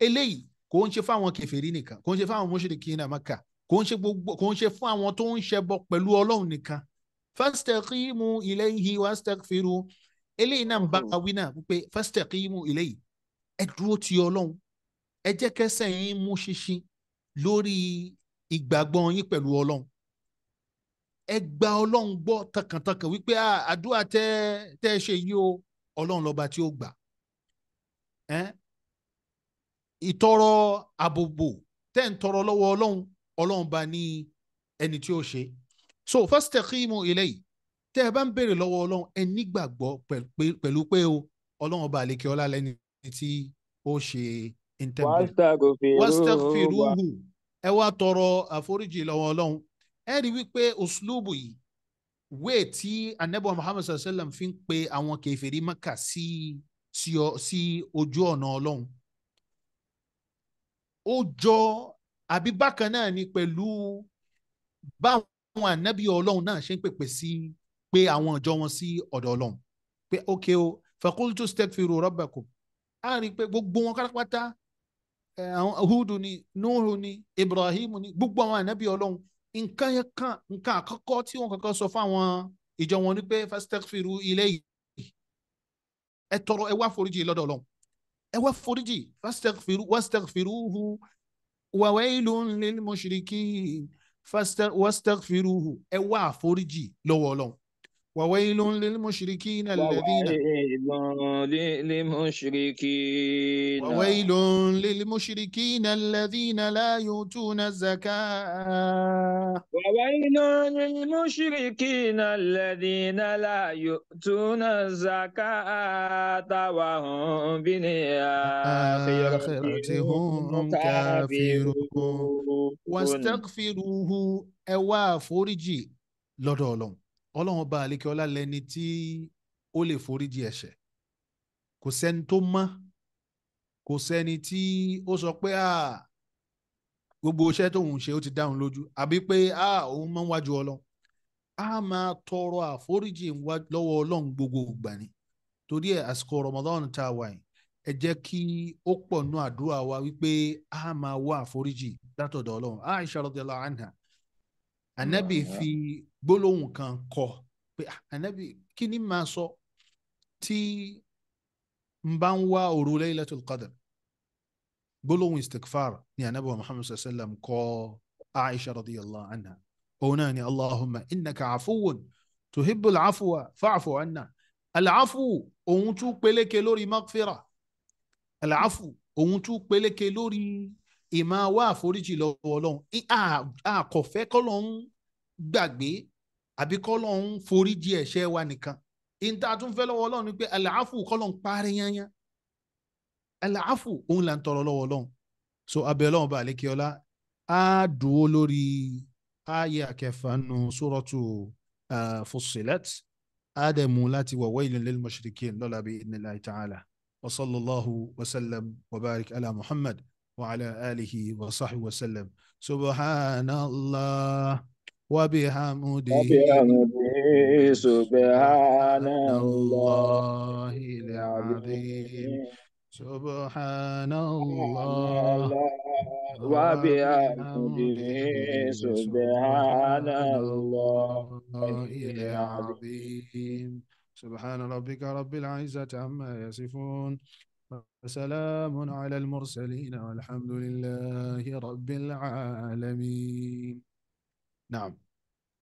eléyìí kò ń ṣe fáwọn kèfèrí nìkan kò ń ṣe fáwọn mushrikina Makkah kò ń ṣe gbogbo kò ń ṣe fún àwọn tó ń ṣẹbọ pẹ̀lú ọlọ́run nìkan fastaqimu ilayhi wastaghfiru eléyìí náà ń bá wa hmm. wí náà wípé fastaqimu ilayhi ẹ dúró ti ọlọ́run ẹ jẹ́ kẹsẹ̀ yín mú ṣinṣin lórí ìgbàgbọ́ yín pẹ̀lú ọlọ́run ẹ gba ọlọ́run gbọ́ tọkàntọkàn wípé àdúrà tẹ́ tẹ́ ṣe yí o ọlọ́run lọ́ba tí ó gbà ìtọrọ àbòbò tẹ́ ń tọrọ lọ́wọ́ ọlọ́run ọlọ́run bá ní ẹni tí ó ṣe so fastaqimu ilayhi tẹ́ ẹ bá ń béèrè lọ́wọ́ ọlọ́run ẹ nígbàgbọ́ pẹ̀lú pé o ọlọ́run ọba àlekè ọlá lẹ́ni tí ó ṣe intẹ́gbẹ́ wastaghfiruhu ẹ wá tọrọ àforíjì lọ́wọ́ ọlọ́run ẹ rí wípé òṣùlùbù yìí wéè tí anabiwa muhammad sallallahu alayhi wa sallam fi ń pe àwọn kèfèrí maka sí sí ojú ọ̀nà ọlọ́run ó jọ àbí bákan náà ni pẹ̀lú báwọn ànábì ọlọ́run náà ṣe ń pèpè sí pé àwọn ìjọ wọn sí ọ̀dọ̀ ọlọ́run pé ok o fakultu stekfiru rabbakum a rí i pé gbogbo wọn pátápátá hudu ni nuhu ni ibrahim ni gbogbo àwọn ànábì ọlọ́run nǹkan yẹn kan nǹkan àkọ́kọ́ tí wọ́n kankan sọ fáwọn ìjọ wọn ni pé fastekfiru ilé yìí ẹ tọrọ ẹ wá foríjì lọ́dọ̀ ọlọ́run ẹ wá foríjì fastekfiru wastekfiruhu وويل للمشركين واستغفروه ẹ wá àforíjì lọ́wọ́ وويل للمشركين الذين وويل للمشركين وويل للمشركين الذين لا يؤتون الزكاة وويل للمشركين الذين لا يؤتون الزكاة وهم بالآخرة هم كافرون واستغفروه أوافرجي àforíjì ọlọ́run ọba àlekẹ́ọ́lá lẹni tí ó lè foríjì ẹ̀ṣẹ̀ kò sẹ́ni tó mọ́ kò sẹ́ni tí ó sọ pé à gbogbo iṣẹ́ tóun ṣe ó ti dáhùn lójú àbí pé à òun máa wájú ọlọ́run a máa tọrọ àforíjì lọ́wọ́ ọlọ́run gbogbo ìgbà ni torí ẹ̀ àsìkò Ramadan tá a wà yìí ẹ jẹ́ kí ó pọ̀ nú àdúrà wa wípé a máa wá àforíjì látọ̀dọ̀ ọlọ́run Aisha radiyallahu anha anabi fi gbólóhùn kan kọ pé anabi ah, kí ni màá sọ tí n bá ń wá òru Laylatul Qadr gbólóhùn istikfar ni anabi wa muhammad sallallahu alayhi wa sallam kọ aisha radiyallahu anha òun náà ni allahumma innaka afuwun tuhibbul afwa fa'fu anna alaafu òun tún peléke lórí maghfira alaafu òun tún peléke lórí ìmáa wá àforíjì lọ́wọ́ ọlọ́run àkọ́fẹ́ kọ́lọ́run gbàgbé àbí kọ́lọ́hún foríjì ẹ̀ṣẹ̀ wa nìkan ìta tún fẹ́ lọ́wọ́ ọlọ́run ni pé àlàáfù kọ́lọ́hún parí yányán àlàáfù òun là ń tọrọ lọ́wọ́ ọlọ́run so abẹ́ ọlọ́run bá àlékè ọlá á dúró lórí ààyè àkẹfà nù sórọ́tù Fussilat á dẹ̀ mú láti wa wailun lil mushrikin lọ́la bí idhnillahi ta'ala wa sallallahu wa sallam wa barik ala Muhammad wa ala alihi wa sahbihi wa subhanallah. وبحمده وبحمده سبحان الله العظيم سبحان الله وبحمده سبحان الله العظيم سبحان ربك رب العزة عما يصفون وسلام على المرسلين والحمد لله رب العالمين No,